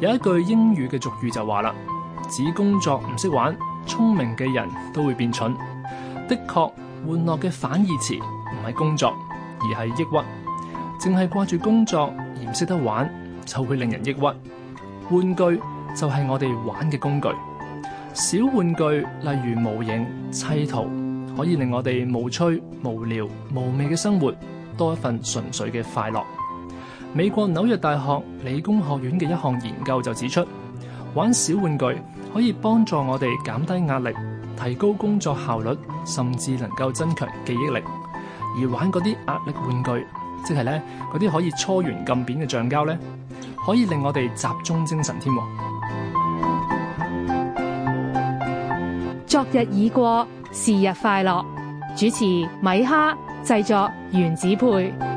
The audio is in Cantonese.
有一句英語嘅俗語就話啦：只工作唔識玩，聰明嘅人都會變蠢。的確，玩樂嘅反義詞唔係工作，而係抑鬱。淨係掛住工作而唔識得玩，就會令人抑鬱。玩具就係我哋玩嘅工具。小玩具，例如模型、砌圖，可以令我哋無趣、無聊、無味嘅生活，多一份純粹嘅快樂。美國紐約大學理工學院嘅一項研究就指出，玩小玩具可以幫助我哋減低壓力、提高工作效率，甚至能夠增強記憶力。而玩嗰啲壓力玩具，即係呢嗰啲可以搓圓撳扁嘅橡膠呢，可以令我哋集中精神添。昨日已過，是日快樂。主持米哈，製作原子配。